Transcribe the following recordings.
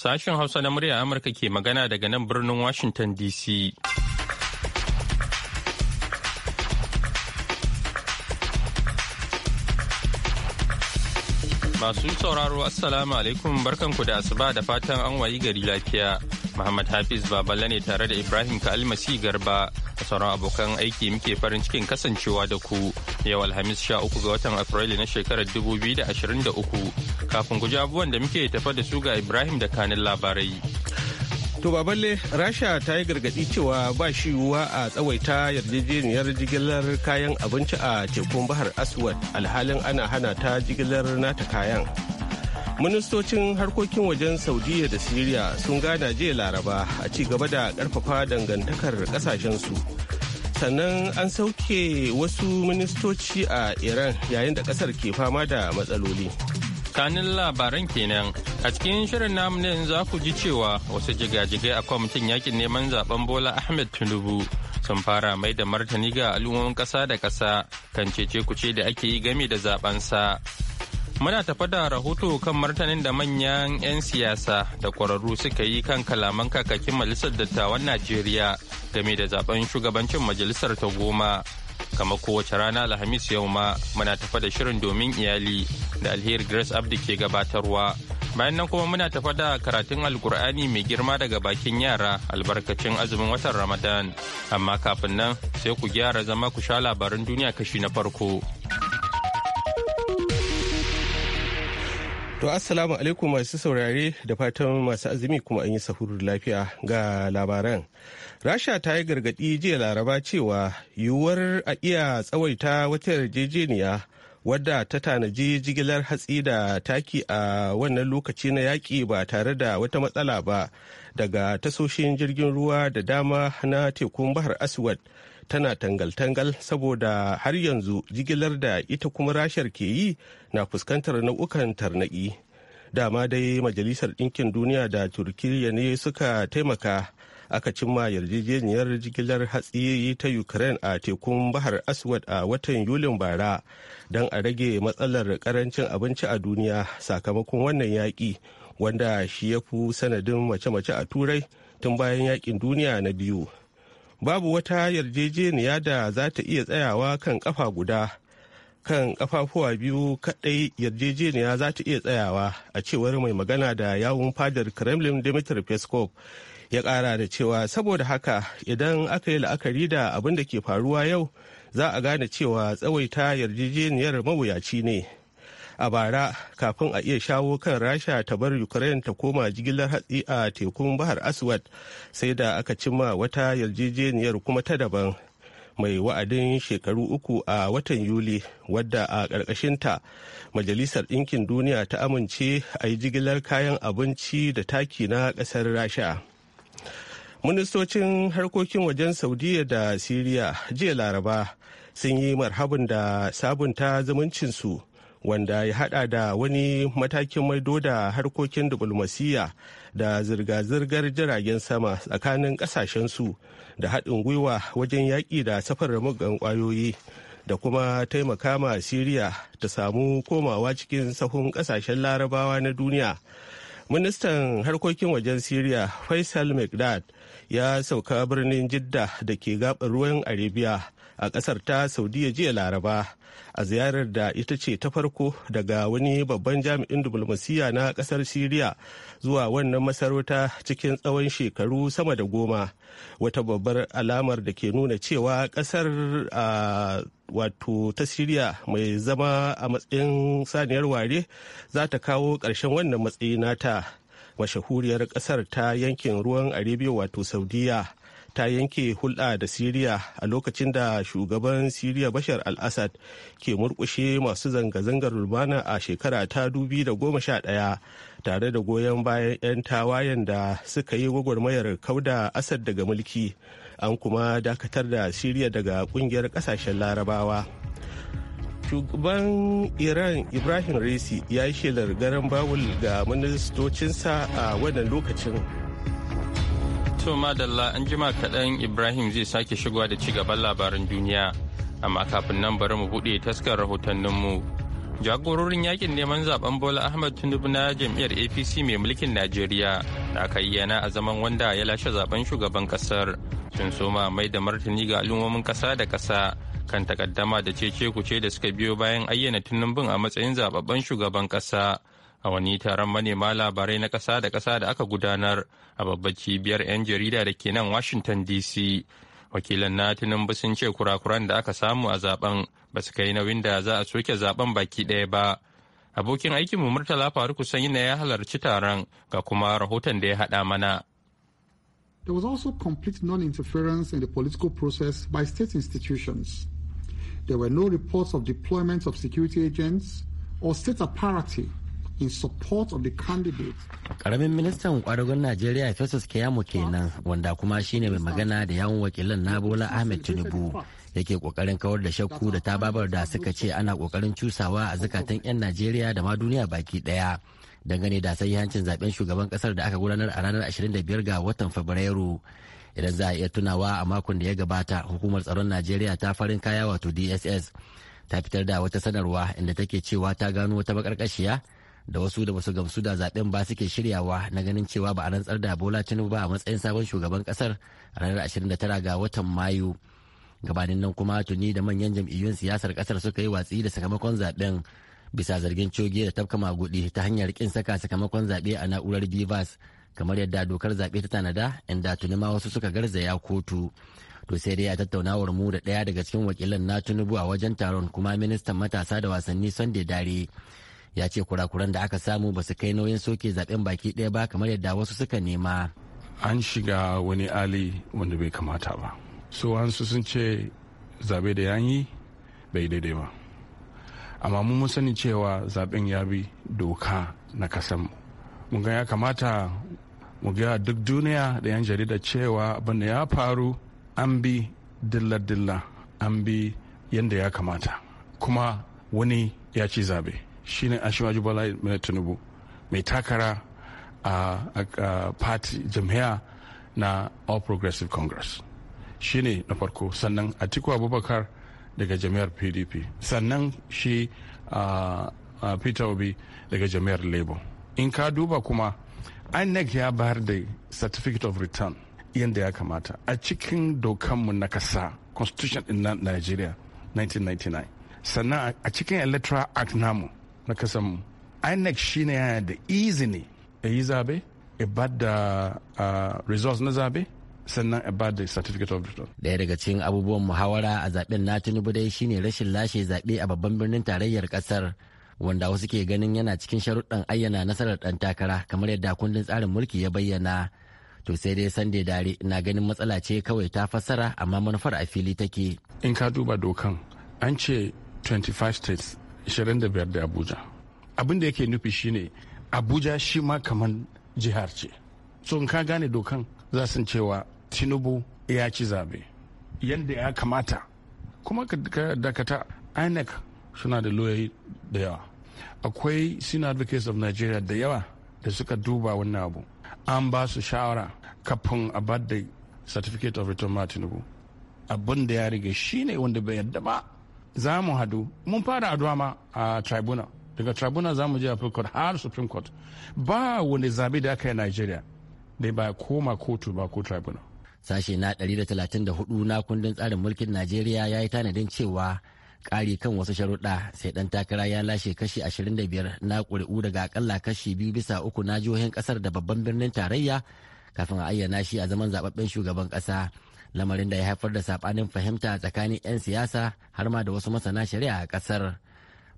Sashen Hausa na murya Amurka ke magana daga nan birnin Washington DC. Masu sauraro Assalamu alaikum barkanku da asuba da fatan an wayi gari lafiya. Muhammad Hafiz Baballe ne tare da Ibrahim Kalmasi Garba da sauran abokan aiki muke farin cikin kasancewa da ku yau Alhamis sha uku ga watan Afrilu na shekarar 2023 kafin ku ji abubuwan da muke tafa da su ga Ibrahim da kanin labarai. To Baballe, Rasha ta yi gargaɗi cewa ba shi yiwuwa a tsawaita yarjejeniyar jigilar kayan abinci a tekun Bahar Aswad alhalin ana hana ta jigilar nata kayan. ministocin harkokin wajen saudiya da siriya sun gada jiya laraba a ci gaba da karfafa dangantakar kasashensu sannan an sauke wasu ministoci a iran yayin da kasar ke fama da matsaloli kanin labaran kenan a cikin shirin namu ne za ku ji cewa wasu jigajigai a kwamitin yakin neman zaben bola ahmed tinubu sun fara mai da martani ga al'ummomin kasa da kasa kan cece kuce da ake yi game da zabansa sa Muna tafa da rahoto kan martanin da manyan 'yan siyasa da kwararru suka yi kan kalaman kakakin Majalisar Dattawan Najeriya game da zaben shugabancin Majalisar ta goma. Kama kowace rana Alhamis yau ma muna tafa da shirin domin iyali da alheri Grace Abdi ke gabatarwa. Bayan nan kuma muna tafa da karatun Alkur'ani mai girma daga bakin yara albarkacin azumin watan Ramadan. Amma kafin nan sai ku gyara zama ku sha labarin duniya kashi na farko. To assalamu alaikum masu saurare da fatan masu azumi kuma an yi sahuru lafiya ga labaran. Rasha ta yi gargaɗi jiya laraba cewa yiwuwar a iya tsawaita wata yarjejeniya wadda ta tanaji jigilar hatsi da taki a wannan lokaci na yaƙi ba tare da wata matsala ba daga tasoshin jirgin ruwa da dama na tekun bahar aswad tana tangal-tangal saboda har yanzu jigilar da ita kuma rashar ke yi na fuskantar nau'ukan tarnaƙi dama dai majalisar ɗinkin duniya da turkiyya ne suka taimaka aka cimma yarjejeniyar jigilar hatsi ta ukraine a tekun bahar aswad a watan yulin bara don a rage matsalar karancin abinci a duniya sakamakon wannan yaƙi wanda shi ya fi sanadin mace-mace a turai tun bayan yaƙin duniya na biyu babu wata yarjejeniya da za ta iya tsayawa kan kafa guda kan kafafuwa biyu kadai yarjejeniya za ta iya tsayawa a cewar mai magana da yawun fadar kremlin dimitar peskov ya kara da cewa saboda haka idan aka yi la'akari da abin da ke faruwa yau za a gane cewa tsawaita yarjejeniyar mawuyaci ne a bara kafin a iya shawo kan rasha ta bar ukraine ta koma jigilar hatsi a tekun bahar aswad sai da aka cimma wata yarjejeniyar kuma ta daban mai wa'adin shekaru uku a watan yuli wadda a ta majalisar ɗinkin duniya ta amince a yi jigilar kayan abinci da taki na ƙasar rasha ministocin harkokin wajen saudiya da siriya jiya laraba sun yi marhabin da sabunta zumuncinsu wanda ya hada da wani matakin maido da harkokin diplomasiyya da zirga-zirgar jiragen sama tsakanin kasashensu da haɗin gwiwa wajen yaƙi da safar mugan ƙwayoyi da kuma taimaka ma siriya ta samu komawa cikin sahun ƙasashen larabawa na duniya ministan harkokin wajen siriya faisal mcdad ya sauka birnin jidda da ke gaɓar ruwan arabia a ƙasar ta saudiya jiya laraba a ziyarar da ita ce ta farko daga wani babban jami'in diflomasiyya na ƙasar siriya zuwa wannan masarauta cikin tsawon shekaru sama da goma wata babbar alamar da ke nuna cewa ƙasar wato ta siriya mai zama a matsayin saniyar ware za ta kawo ƙarshen wannan matsayi nata mashahuriyar kasar ta yankin ruwan arabia wato saudiya ta yanke hulɗa da siriya a lokacin da shugaban siriya bashar al-assad ke murkushe masu zanga-zangar lumana a shekara ta ɗaya tare da goyon bayan 'yan tawayen da suka yi gwagwarmayar kauda asad daga mulki an kuma dakatar da siriya daga kungiyar kasashen larabawa shugaban iran ibrahim raisi ya yi shelar garan bawul ga ministocinsa a wannan lokacin To madalla an jima kaɗan Ibrahim zai sake shigowa da ci gaban labaran duniya. Amma kafin nan bari mu buɗe taskar rahotanninmu. Jagororin yakin neman zaben Bola ahmad Tinubu na jam'iyyar APC mai mulkin Najeriya da aka yana a zaman wanda ya lashe zaben shugaban kasar sun soma mai da martani ga al'ummomin kasa da kasa kan takaddama da cece kuce da suka biyo bayan ayyana Tinubun a matsayin zababben shugaban kasa a wani taron manema labarai na ƙasa da ƙasa da aka gudanar a babbar cibiyar 'yan jarida da ke nan washington dc wakilan na tinubu sun ce kurakuran da aka samu a zaben ba su kai nauyin da za a soke zaben baki ɗaya ba abokin aikinmu murtala faruk sanyi na ya halarci taron ga kuma rahoton da ya haɗa mana There was also complete non-interference in the political process by state institutions. There were no reports of deployment of security agents or state apparatus in support of the candidate. Karamin ministan kwadagon Najeriya Festus Keyamo kenan wanda kuma shine mai magana da yawon wakilan Nabola Ahmed Tinubu yake kokarin kawar da shakku da ta babar da suka ce ana kokarin cusawa a zukatan 'yan Najeriya da ma duniya baki daya. Dangane da hancin zaben shugaban kasar da aka gudanar a ranar 25 ga watan Fabrairu. Idan za a iya tunawa a makon da ya gabata hukumar tsaron Najeriya ta farin kaya wato DSS ta fitar da wata sanarwa inda take cewa ta gano wata bakarkashiya da wasu da basu gamsu da zaben ba suke shiryawa na ganin cewa ba a rantsar da bola tinubu ba a matsayin sabon shugaban kasar a ranar 29 ga watan mayu gabanin nan kuma tuni da manyan jam'iyyun siyasar kasar suka yi watsi da sakamakon zaben bisa zargin coge da tafka magudi ta hanyar kin saka sakamakon zaɓe a na'urar bivas kamar yadda dokar zaɓe ta tanada inda tuni ma wasu suka garzaya kotu to sai dai a tattaunawar mu da ɗaya daga cikin wakilan na tunubu a wajen taron kuma ministan matasa da wasanni sunday dare ya ce kurakuran da aka samu ba su kai nauyin soke zaben baki ɗaya ba kamar yadda wasu suka nema an shiga wani ali wanda bai kamata ba so su sun ce zabe da yanyi bai daidai ba amma mun sani cewa zaben ya bi doka na kasan mun ga ya kamata mu ga duk duniya da yan jarida cewa abin ya faru an bi dilla-dilla an bi yadda ya kamata kuma wani ya ci zabe shine ashimaju bala tinubu mai takara a party jam'iyya na all progressive congress shine na farko sannan atiku abubakar daga jami'ar pdp sannan shi peter obi daga jami'ar labour in ka duba kuma inec ya bayar da certificate of return yadda ya kamata a cikin dokanmu na kasa constitution in nigeria 1999 sannan a cikin electoral act namu na kasanmu inec ne yana da izini a yi zabe a ba da ah, results na zabe sannan a ba da certificate of return. Daya daga cikin abubuwan muhawara a zaben na Tinubu dai shine rashin lashe zaɓe a babban birnin tarayyar kasar wanda wasu ke ganin yana cikin sharuɗan ayyana nasarar ɗan takara kamar yadda kundin tsarin mulki ya bayyana. To sai dai sande dare na ganin matsala ce kawai ta fassara amma manufar a fili take. In ka duba dokan an ce 25 states 25 da abuja abin da yake nufi shine abuja shi ma kamar jihar ce so in ka gane dokan za su cewa tinubu ya ci zabe yadda ya kamata kuma ka dakata inec suna da loyayi da yawa akwai senior advocates of nigeria da yawa da suka duba wannan abu an ba su shawara kafin a ba da certificate of return ma tinubu abin da ya riga shine wanda bai yadda ba za mu hadu mun fara addu'a ma a tribunal daga tribunal za mu je appeal court har supreme court ba wani zabe da aka yi nigeria da ba koma kotu ba ko tribunal sashe na 134 na kundin tsarin mulkin nigeria ya yi tanadin cewa ƙari kan wasu sharuɗa sai ɗan takara ya lashe kashi 25 na ƙuri'u daga akalla kashi biyu bisa uku na jihohin ƙasar da babban birnin tarayya kafin a ayyana shi a zaman zaɓaɓɓen shugaban ƙasa. lamarin da ya haifar da sabanin fahimta tsakanin 'yan siyasa har ma da wasu masana shari'a a kasar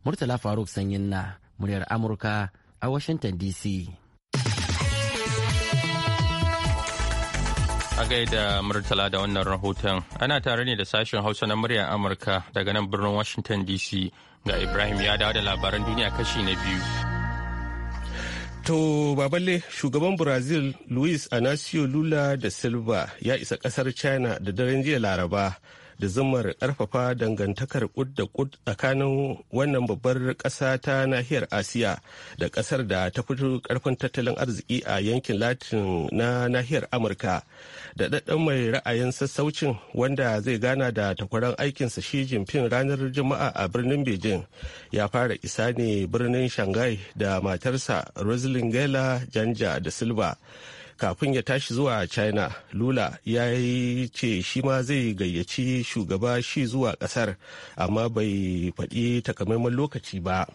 murtala faruk sanyin na muryar amurka a washington dc a gaida murtala da wannan rahoton ana tare ne da sashen hausa na muryar amurka daga nan birnin washington dc ga ibrahim ya dawo da labaran duniya kashi na biyu To baballe shugaban Brazil Luis Anacio Lula da Silva ya isa kasar China da daren jiya Laraba da zumar ƙarfafa dangantakar kud da kud tsakanin wannan babbar ƙasa ta nahiyar asiya da ƙasar da ta fito ƙarfin tattalin arziki a yankin latin na nahiyar amurka da ɗaɗɗan mai ra'ayin sassaucin wanda zai gana da takwaran aikinsa shi jinfin ranar juma'a a birnin beijing ya fara isa ne birnin shanghai da matarsa rosalind gela janja da silva kafin ya tashi zuwa china lula ya yi ce shi ma zai gayyaci shugaba shi zuwa kasar amma bai faɗi takamaiman lokaci ba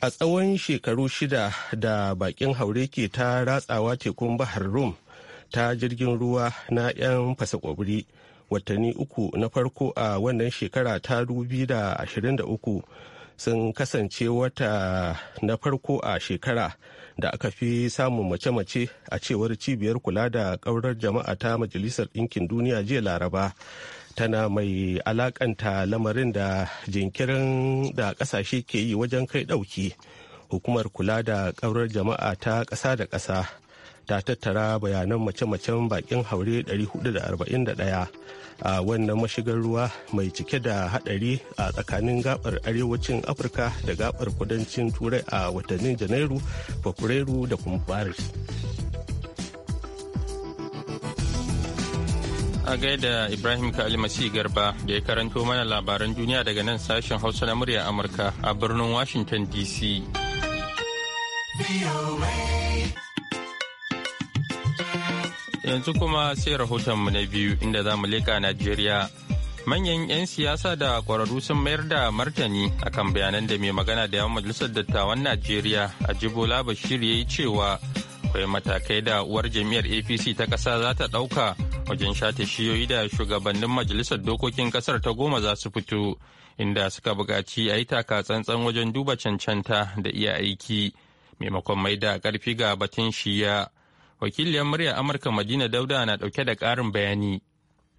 a tsawon shekaru shida da bakin haure ke ta ratsawa tekun bahar rum ta jirgin ruwa na 'yan fasa kwabri watanni uku na farko a wannan shekara ta 2023 sun kasance wata na farko a shekara da aka fi samun mace-mace a cewar cibiyar kula da ƙaurar jama'a ta majalisar ɗinkin duniya jiya laraba tana mai alakanta lamarin da jinkirin da ƙasashe ke yi wajen kai ɗauki hukumar kula da ƙaurar jama'a ta ƙasa da ƙasa ta tattara bayanan mace-macen bakin haure 441 a wannan mashigar ruwa mai cike da hadari a tsakanin gabar arewacin afirka da gabar kudancin turai a watannin janairu fabrairu da kuma maris a gaida ibrahim kalimasi garba da ya karanto mana labaran duniya daga nan sashen hausa na murya amurka a birnin washington dc Yanzu kuma sai rahoton mu na biyu inda za mu leka Najeriya. Manyan 'yan siyasa da kwararru sun mayar da martani akan bayanan da mai magana da yawan majalisar dattawan Najeriya a Jibola Bashir ya yi cewa akwai matakai da uwar jami'ar APC ta ƙasa za ta ɗauka wajen shata shiyoyi da shugabannin majalisar dokokin ƙasar ta goma za su fito inda suka buƙaci a yi taka tsantsan wajen duba cancanta da iya aiki maimakon mai da karfi ga batun shiya. wakiliyar murya amurka madina dauda na dauke da karin bayani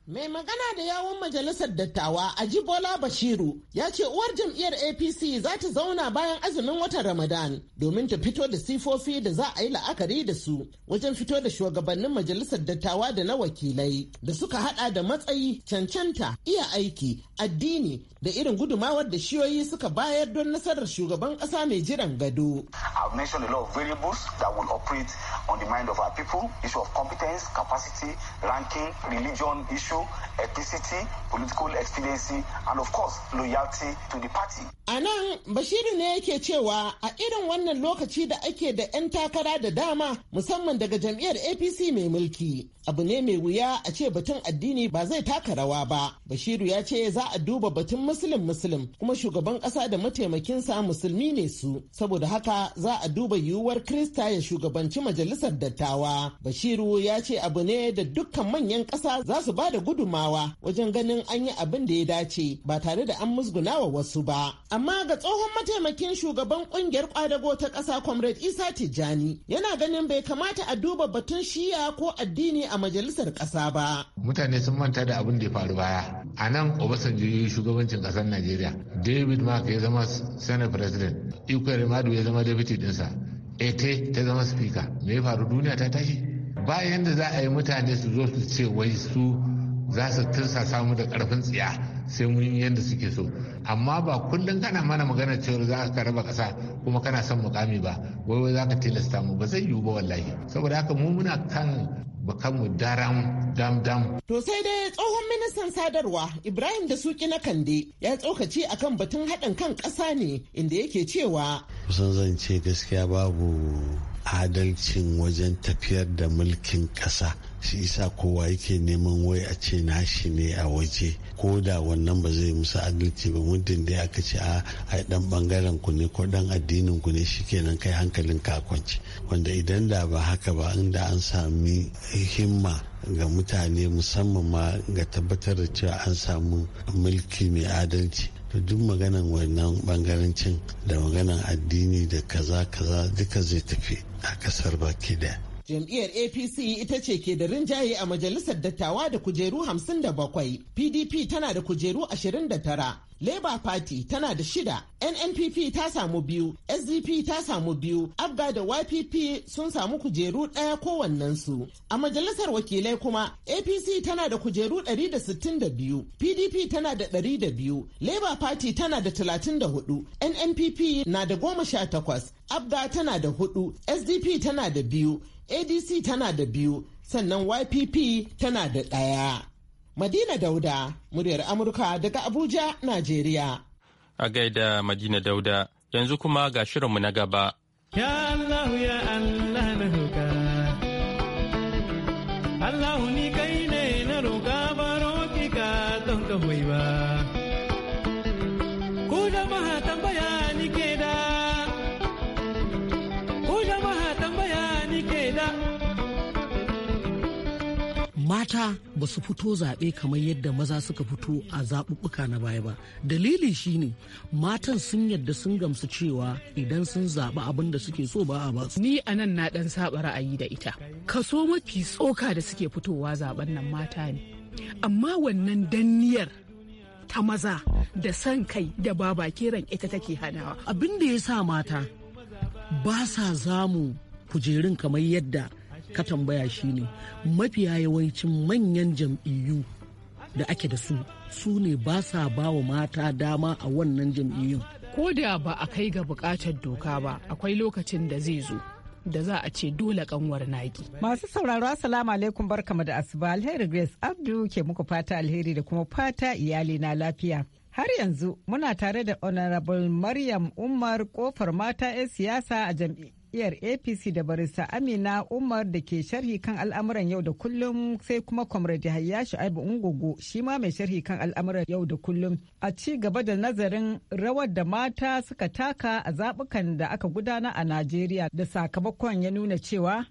Mai magana da yawon majalisar dattawa a Jibola Bashiru ya ce uwar jam'iyyar APC za ta zauna bayan azumin watan Ramadan domin ta fito da sifofi da za a yi la'akari da su wajen fito da shugabannin majalisar dattawa da na wakilai da suka hada da matsayi, cancanta, iya aiki, addini da irin gudumawar da shiyoyi suka bayar don nasarar shugaban kasa mai jiran gado. I've mentioned a lot of variables that will operate on the mind of our people, issue of competence, capacity, ranking, religion, issue skill, ethnicity, political expediency, and of course, loyalty to the party. A nan Bashiru ne yake cewa a irin wannan lokaci da ake da 'yan takara da dama musamman daga jam'iyyar APC mai mulki. Abu ne mai wuya a ce batun addini ba zai taka rawa ba. Bashiru ya ce za a duba batun musulun musulun kuma shugaban ƙasa da mataimakinsa musulmi ne su. Saboda haka za a duba yiwuwar Krista ya shugabanci majalisar dattawa. Bashiru ya ce abu ne da dukkan manyan ƙasa za su ba da gudumawa wajen ganin an yi abin da ya dace ba tare da an musgunawa wasu ba. Amma ga tsohon mataimakin shugaban kungiyar kwadago ta ƙasa Comrade Isa Tijjani yana ganin bai kamata a duba batun shiya ko addini a majalisar ƙasa ba. Mutane sun manta da abin da ya faru baya. A nan Obasanjo ya yi shugabancin ƙasar Najeriya. David Mark ya zama Senate President. Ikwere Madu ya zama Deputy dinsa. Ete ta zama Speaker. Me ya faru duniya ta tashi? Bayan da za a yi mutane su zo su ce wai su za su tursa samu da karfin tsiya sai mun yi yadda suke so amma ba kullum kana mana magana cewar za ka raba kasa kuma kana son mukami ba wai wai za ka tilasta mu ba zai yiwu ba wallahi saboda haka mu muna kan bakanmu daram dam dam. To sai dai tsohon ministan sadarwa Ibrahim da suki na Kande ya tsokaci akan batun haɗin kan ƙasa ne inda yake cewa. Kusan zan ce gaskiya babu adalcin wajen tafiyar da mulkin ƙasa shi isa kowa yake neman wai a ce nashi ne a waje ko da wannan ba zai musu adalci ba muddin dai aka ce a ah, ai dan bangaren ku ne ko dan addinin ku ne shikenan kai hankalin kakwanci wanda idan da ba haka ba inda an sami himma ga mutane musamman ma ga tabbatar da cewa an samu mulki mai adalci to duk maganan wannan bangarancin da maganan addini da kaza kaza duka zai tafi a kasar baki daya jam'iyyar apc ita ce ke da rinjaye a majalisar dattawa da kujeru 57 pdp tana da kujeru 29 labour party tana da shida nnpp ta samu biyu sdp ta samu biyu abga da ypp sun samu kujeru ɗaya kowannensu a majalisar wakilai kuma apc tana da kujeru 162 pdp tana da 102 labour party tana da 34 nnpp na da 18 abga tana da 4 sdp tana da biyu adc tana da biyu sannan ypp tana da ɗaya madina dauda muryar amurka daga abuja najeriya a gaida madina dauda yanzu kuma ga shirinmu na gaba ya allahu ya allah na roka allahu ni kai ne na roka baro roƙi don ka ba mata ba su fito zaɓe kamar yadda maza suka fito a zaɓuɓɓuka na baya ba dalili shine matan sun yadda sun gamsu cewa idan sun zaɓi abin da suke so ba a ba ni a nan na ɗan saɓa ra'ayi da ita kaso mafi tsoka da suke fitowa zaɓen nan mata ne amma wannan danniyar ta maza da san kai da baba ran ita take hanawa abin da ya sa mata ba sa zamu kujerun kamar yadda ka tambaya shi ne, mafiya yawancin manyan jam'iyyu da ake da su su ne ba sa ba wa mata dama a wannan jam'iyyun. Ko da ba a kai ga bukatar doka ba akwai lokacin da zai zo. da za a ce dole kanwar naki. Masu sauraro assalamu alaikum barkamu da asuba alheri Grace Abdu ke muku fata alheri da kuma fata iyali na lafiya. Har yanzu muna tare da Honorable Maryam Umar kofar mata 'yan siyasa a jam'i. jam'iyyar apc da barista amina umar da ke sharhi kan al'amuran yau da kullum sai kuma comrade hayya shu'aibu ungugu shi ma mai sharhi kan al'amuran yau da kullum a ci gaba da nazarin rawar da mata suka taka a zabukan da aka gudana a najeriya da sakamakon ya nuna cewa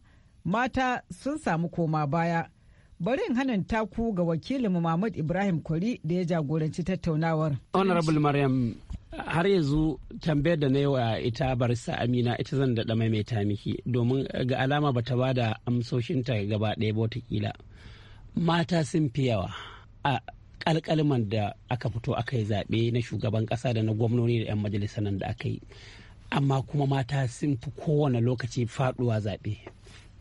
mata sun samu koma baya bari in hanin taku ga wakilin Muhammad Ibrahim Kwari da ya jagoranci tattaunawar. Honorable Maryam har yanzu tambayar da na yi wa ita barista amina ita zan mai mai miki domin ga alama bata ba da amsoshinta gaba ɗaya ba watakila mata sun fi yawa a kalkalman da aka fito aka yi zaɓe na shugaban ƙasa da na gwamnoni da 'yan majalisa nan da aka yi amma kuma mata sun fi kowane lokaci faɗuwa zaɓe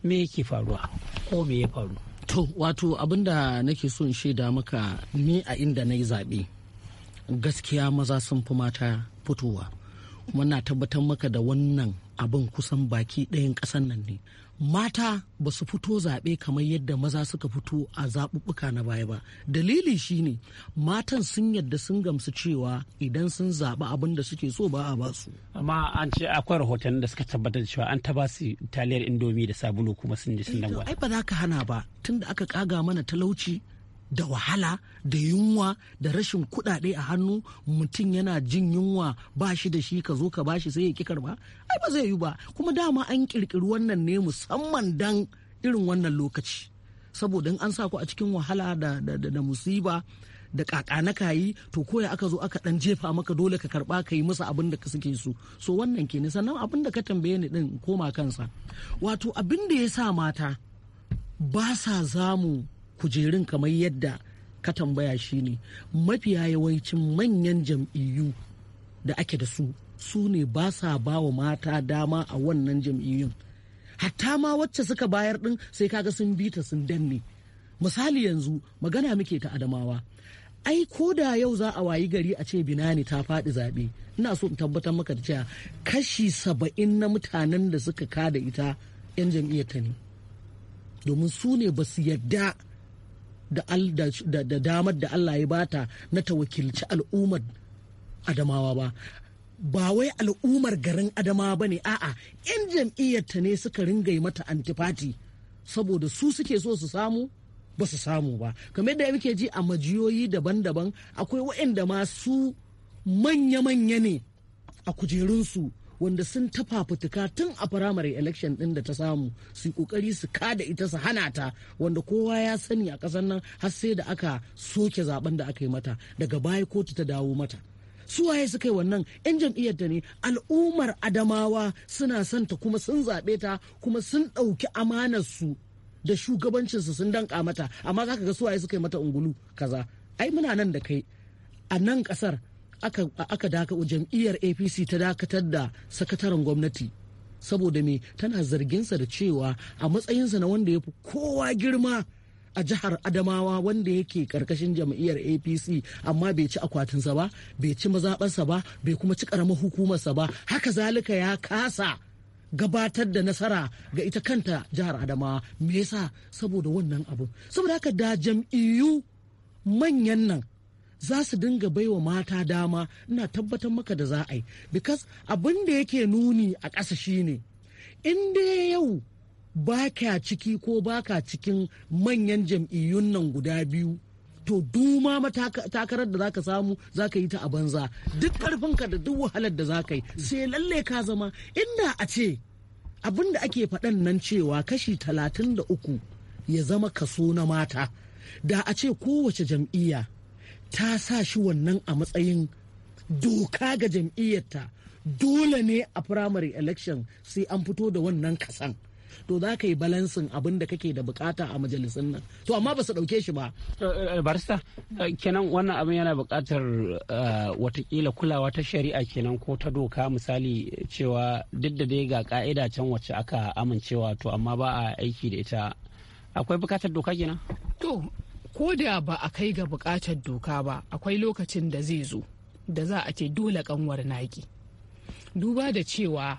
me yake faruwa ko me ya faru to wato abinda nake son in shaida maka ni a inda na yi zaɓe gaskiya maza sun fi mata fitowa kuma na tabbatar maka da wannan abin kusan baki ɗayan ƙasan nan ne mata ba su fito zaɓe kamar yadda maza suka fito a zaɓuɓɓuka na baya ba dalili shine matan sun yadda sun gamsu cewa idan sun zaɓi abin da suke so ba a ba su amma an ce akwai rahoton da suka tabbatar cewa an ta ba su taliyar indomi da sabulu kuma sun ji sun eh ai ba za ka hana ba tunda aka kaga mana talauci da wahala da yunwa da rashin kuɗaɗe a hannu mutum yana jin yunwa ba shi da shi ka zo ka bashi sai ya ki karba ai ba zai yi ba kuma dama an kirkiri wannan ne musamman dan irin wannan lokaci saboda an sa ku a cikin wahala da, da, da, da musiba da kaka na kayi to koya aka zo aka dan jefa maka dole ka karba ka yi masa abin da ka suke so so wannan kenan sannan abin da ka tambaye ni din koma kansa wato abin da ya sa mata ba sa zamu kujerun kamar yadda ka tambaya shi ne. mafiya yawancin manyan jam'iyyu da ake da su su ne ba sa ba wa mata dama a wannan jam'iyyun hatta ma wacce suka bayar din sai kaga sun bi ta sun danne misali yanzu magana muke ta adamawa ai ko da yau za a wayi gari a ce binani ta faɗi zaɓe ina so in tabbatar maka da cewa kashi saba'in na mutanen da suka kada ita 'yan jam'iyyar ta ne domin su ne ba su yadda da damar da Allah ya bata na ta wakilci al'ummar Adamawa ba. Ba wai al'ummar garin Adamawa ba ne, a'a, 'yan jam'iyyarta ne suka ringa mata antifati saboda su suke so su samu ba su samu ba. Kamar yadda muke ji a majiyoyi daban-daban akwai waɗanda ma su manya-manya ne a kujerunsu wanda sun ta fafutuka tun a firamare election din da ta samu su kokari su kada ita su hana ta wanda kowa ya sani a kasar nan har sai da aka soke zaben da aka yi mata daga baya kotu ta dawo mata su waye su kai wannan yan jam'iyyar da ne al'ummar adamawa suna son ta kuma sun zaɓe ta kuma sun ɗauki amanar su da shugabancinsu sun danka mata amma zaka ga su waye suka yi mata ungulu kaza ai muna nan da kai a nan kasar aka daka jam'iyyar apc ta dakatar da sakataren gwamnati saboda me tana zarginsa da cewa a matsayinsa na wanda ya fi kowa girma a jihar adamawa wanda yake karkashin jam'iyyar apc amma bai ci akwatinsa ba bai ci mazaɓarsa ba bai kuma ci ƙaramar hukumarsa ba haka zalika ya kasa gabatar da nasara ga ita kanta jihar adamawa me yasa saboda wannan abu saboda haka da jam'iyyu manyan nan za su dinga baiwa mata dama ina tabbatar maka da za a yi because abin da yake nuni a ƙasa shine in dai yau ba ka ciki ko ba ka cikin manyan jam'iyyun nan guda biyu to duma takarar da zaka samu zaka yi ta a banza duk ƙarfinka da duk wahalar da zaka yi sai lalle ka zama inda a ce abin da ake faɗan nan cewa kashi talatin da uku ya zama kaso na mata da a ce kowace jam'iyya ta sa shi wannan a matsayin doka ga jam'iyyarta dole ne a primary election sai an fito da wannan kasan to za ka yi balansin abin da kake da bukata a majalisun nan to amma ba su dauke shi ba eh, eh, eh, barista kenan wannan abin yana bukatar watakila kulawa ta shari'a kenan ko ta doka misali cewa duk da dai ga ka'ida can wacce aka amincewa to amma ba a aiki da ita akwai bukatar doka kenan to ko da ba a kai ga bukatar doka ba akwai lokacin da zai zo da za a ce dole kanwar naki duba da cewa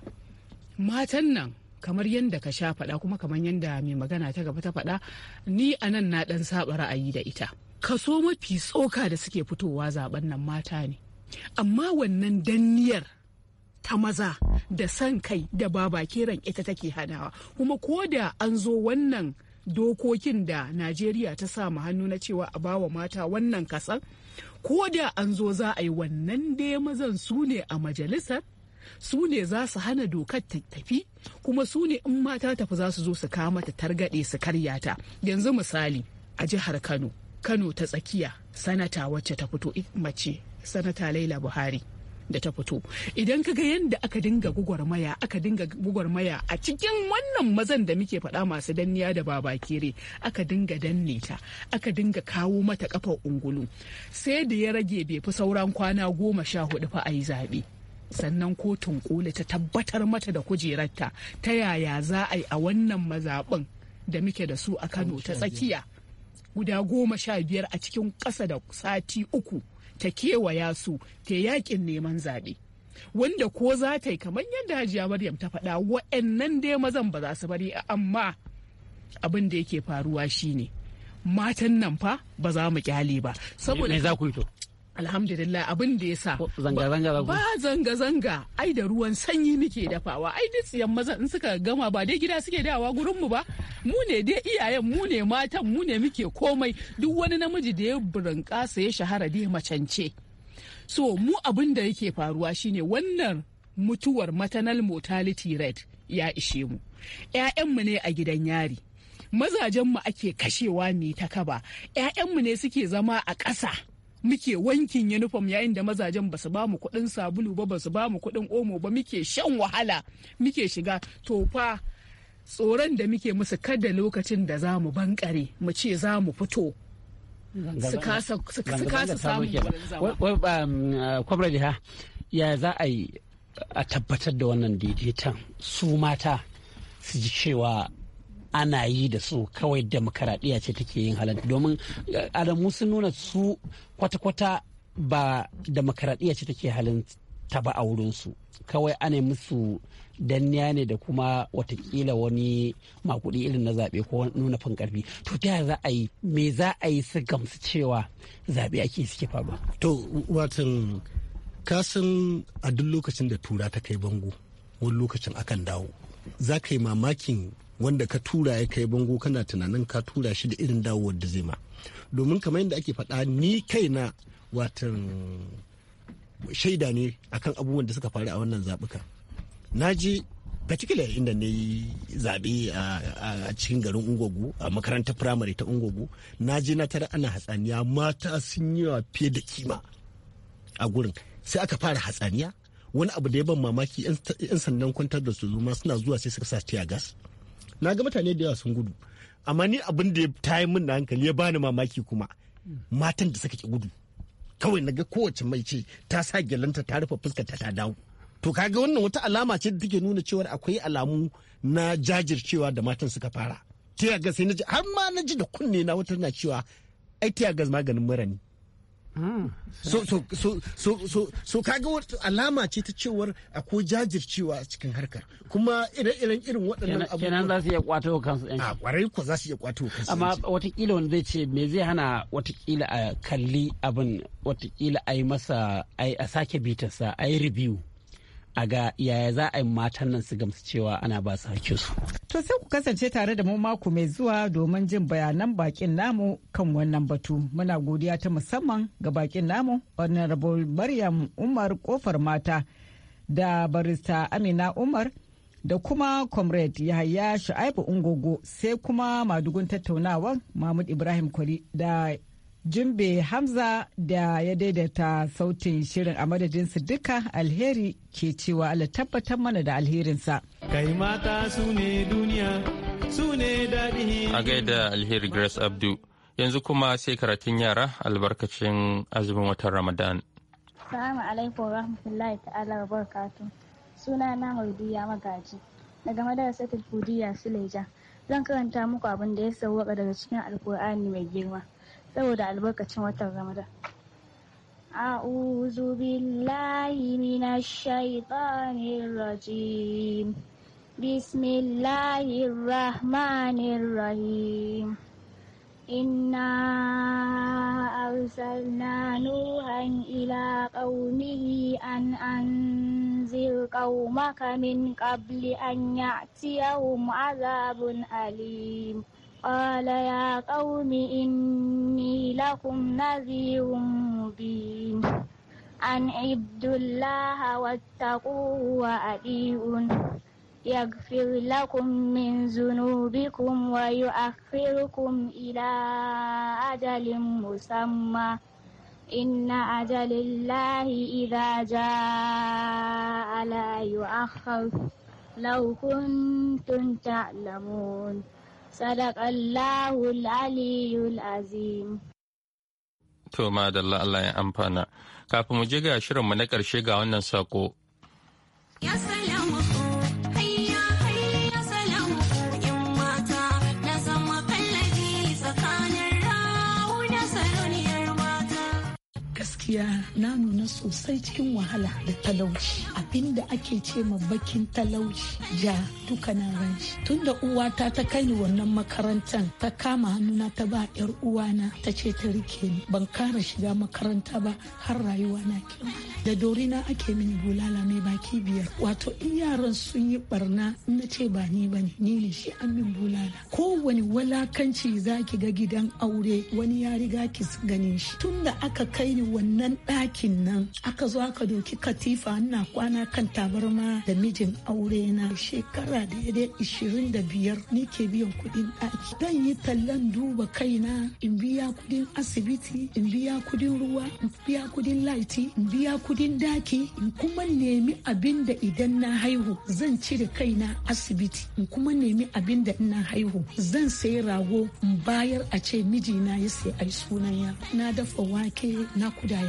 matan nan kamar yadda ka sha faɗa kuma kamar yadda mai magana ta gaba ta faɗa ni a nan na ɗan saba ra'ayi da ita kaso mafi tsoka da suke fitowa zaben nan mata ne amma wannan danniyar ta maza da san kai da baba kiran ita take hanawa kuma ko da an zo wannan dokokin da najeriya ta sa mu hannu na cewa a bawa mata wannan kasar. ko da an zo za a yi wannan dai mazan su ne a majalisar su ne za su hana dokar ta tafi kuma su ne in mata tafi za su zo su kama ta targaɗe su karya ta yanzu misali a jihar kano kano ta tsakiya sanata wacce ta fito mace sanata laila buhari da ta fito idan ka ga yadda aka dinga gugwarmaya aka dinga gugwarmaya a cikin wannan mazan da muke faɗa masu danniya da babakere aka dinga danne ta aka dinga kawo mata kafar ungulu sai da ya rage bai fi sauran kwana goma sha hudu fa a yi zaɓe sannan kotun koli ta tabbatar mata da kujerarta ta yaya za a yi a wannan mazaɓin da muke da su a kano ta tsakiya guda goma sha biyar a cikin ƙasa da sati uku ta kewaya su ta yakin neman zaɓe wanda ko za ta yi kamar yadda hajiya maryam ta faɗa wa'annan dai mazan ba za su bari amma abin da yake faruwa shine matan nan fa ba za mu kyale ba saboda alhamdulillah abin da ya sa zanga-zanga ba zanga-zanga ai da ruwan sanyi muke dafawa ai tsiyan maza in suka gama ba dai gida suke dawa gurin mu ba mu ne dai iyayen mu ne matan mu ne muke komai duk wani namiji da ya burinƙasa ya shahara dai macance so mu abin da yake faruwa shine wannan mutuwar maternal mortality rate ya ishe mu 'ya'yanmu ne a gidan yari mazajen mu ake kashewa ne ta kaba 'ya'yanmu ne suke zama a ƙasa muke wankin uniform yayin da mazajen ba su ba kuɗin sabulu ba ba su ba kuɗin omo ba muke shan wahala muke shiga to fa tsoron da muke musu kada lokacin da za mu bankare mu ce za mu fito su kasa samun kwamradi um, uh, ha ya za a yi a tabbatar da wannan daidaitan su mata su ji cewa ana yi da su kawai demokaradiyya ce take yin halatta domin eh, alamu sun nuna su kwata-kwata ba demokaradiyya ce take halin ba a wurinsu kawai ana musu danniya ne da kuma watakila wani makudi irin na zaɓe ko nuna fin karfi to ta za a yi me za a yi su gamsu cewa zaɓe ake suke faɗo. to watan kasan a duk lokacin da tura ta kai bango wani lokacin akan dawo za ka yi mamakin wanda ka tura ya kai bango kana tunanin ka tura shi da irin dawowar da zai ma domin kamar yadda ake faɗa ni kaina watan shaida ne akan abubuwan da suka faru a wannan zaɓuka na je particular inda na yi zaɓe a cikin garin Ungogo a makarantar firamare ta ungogu na je na tara ana hatsaniya mata sun yi wa fiye da kima a gurin sai aka fara hatsaniya wani abu da ya ban mamaki 'yan sandan kwantar da su zuma suna zuwa sai suka sa a gas na ga mutane da yawa sun gudu amma ni abin da ya tayi min na hankali ya bani mamaki kuma matan da suka ki gudu kawai na ga kowace mai ce ta sa gyalanta ta rufe fuskar ta ta dawo to kaga wannan wata alama ce da take nuna cewa akwai alamu na jajircewa da matan suka fara tiyagas sai na ji har ma na ji da kunne na wata na cewa ai tiyagas maganin mura ne so so so kaga wata alama ce ta cewar akwai jajircewa a cikin harkar kuma irin irin waɗannan abubuwa kenan za su iya kwato kansu yanci a kwarai ko za su iya kwato kansu amma watakila wanda zai ce me zai hana watakila a kalli abin watakila a yi masa a sake bitarsa a yi review a ga yaya za a yi matan nan su gamsu cewa ana ba su hakkin su. To sai ku kasance tare da mu mako mai zuwa domin jin bayanan bakin namu kan wannan batu. Muna godiya ta musamman ga bakin namu Honorable Maryam Umar Kofar Mata da barista Amina Umar da kuma comrade yahaya shu'aibu ungogo sai kuma madugun tattaunawar mahmud ibrahim kwari da Jumbe Hamza da ya daidaita sautin shirin a madadinsu duka alheri ke cewa Allah tabbatar mana da alherinsa. Kai mata su ne duniya, su ne daɗi. A gaida alheri Grace Abdu, yanzu kuma sai karatun yara albarkacin azumin watan Ramadan. Salamu alaikum rahmatullahi ta'ala wa barakatu. Suna na Maudiya Magaji, daga madarasar Budiya Suleja. Zan karanta muku abin da ya sauwaka daga cikin Alkur'ani mai girma. saboda albarkacin watan Ramadan. أعوذ بالله من الشيطان الرجيم بسم الله الرحمن الرحيم إنا أرسلنا نوحا إلى قومه أن أنذر قومك من قبل أن يأتيهم عذاب أليم قال يا قوم إني لكم نذير مبين أن عبدوا الله واتقوه وأطيعون يغفر لكم من ذنوبكم ويؤخركم إلى أجل مسمى إن أجل الله إذا جاء لا يؤخر لو كنتم تعلمون صدق الله العلي العظيم to madalla Allah ya amfana kafin mu je ga shirinmu na ƙarshe ga wannan saƙo. Ya gaskiya na nuna sosai cikin wahala da talauci abinda ake ce ma bakin talauci ja duka na ranci tunda uwata ta kai ni wannan makarantar ta kama hannuna ta ba yar uwana ta ce ta rike ni ban kara shiga makaranta ba har rayuwa na ke da dorina ake mini bulala mai baki biyar wato in yaran sun yi barna na ce ba ni ba ne ni ne shi an min bulala kowane walakanci zaki ga gidan aure wani ya riga ki ganin shi tunda aka kai ni wannan nan ɗakin nan aka zo aka doki katifa ina kwana kan tabarma da mijin aure na shekara da ya ishirin da biyar ni ke biyan kudin ɗaki don yi tallan duba kaina in biya kudin asibiti in biya kudin ruwa in biya kudin laiti in biya kudin daki in kuma nemi abin da idan na haihu zan cire kaina asibiti in kuma nemi abin da ina haihu zan sayi rago in bayar a ce mijina ya sai ai sunan ya na dafa wake na kudaya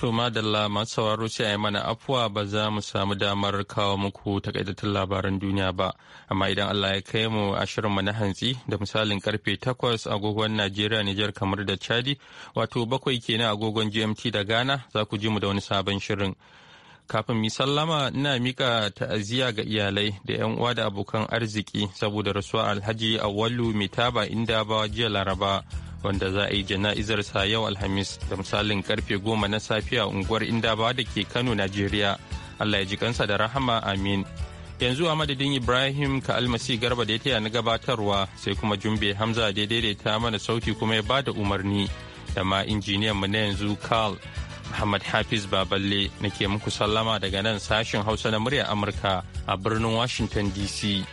To madalla masu sauraro sai a yi mana afuwa ba za mu samu damar kawo muku takaitattun labaran duniya ba, amma idan Allah ya kai mu a shirinmu na hantsi da misalin karfe takwas agogon Najeriya Nijar kamar da Chadi, wato bakwai kenan agogon GMT da Ghana za ku ji mu da wani sabon shirin. Kafin mi sallama ina mika ta'aziyya ga iyalai da 'yan uwa da abokan arziki saboda rasuwa Alhaji Awwalu Mitaba inda ba jiya Laraba. wanda za a yi jana'izarsa yau alhamis da misalin karfe goma na safiya unguwar indaba da ke kano najeriya allah ya ji kansa da rahama amin yanzu a madadin ibrahim ka almasi garba da ya taya na gabatarwa sai kuma jumbe hamza da daidaita mana sauti kuma ya ba da umarni da ma injiniyan mu na yanzu carl muhammad hafiz baballe na ke muku sallama daga nan sashen hausa na murya amurka a birnin washington dc